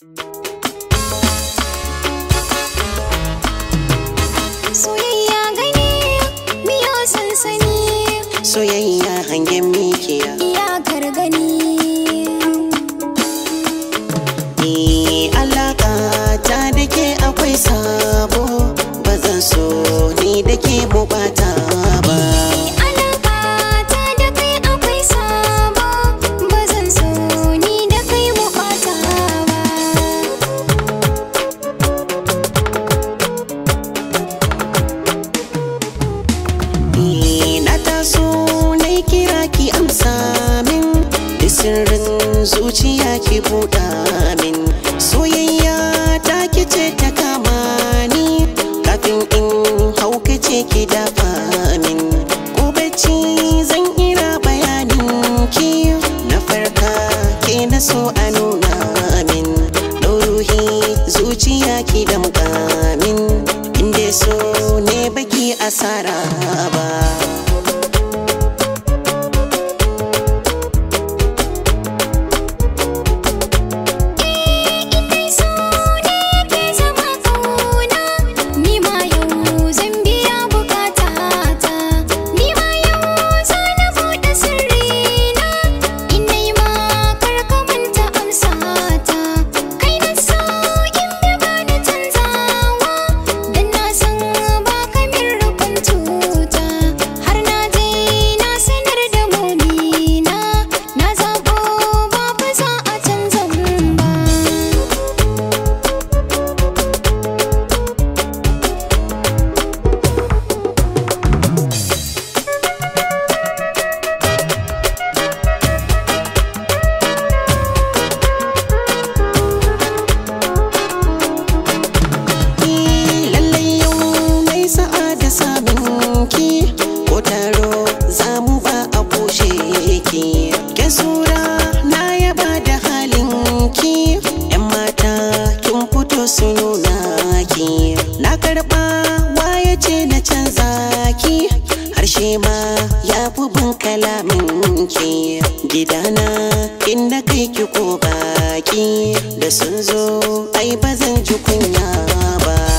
Thank you. sirrin zuciya ki buɗa min soyayya ta kice ta kama ni kafin in hau ki dafa min ko zan ira bayanin ki na farka ke na so a nuna min ɗauruhi zuciya ki da min inda so ne baki asara ba ce ma ya fi bin kalamin ki gidana inda kai ki ko baki da sun zo ai ba zan ji kunya ba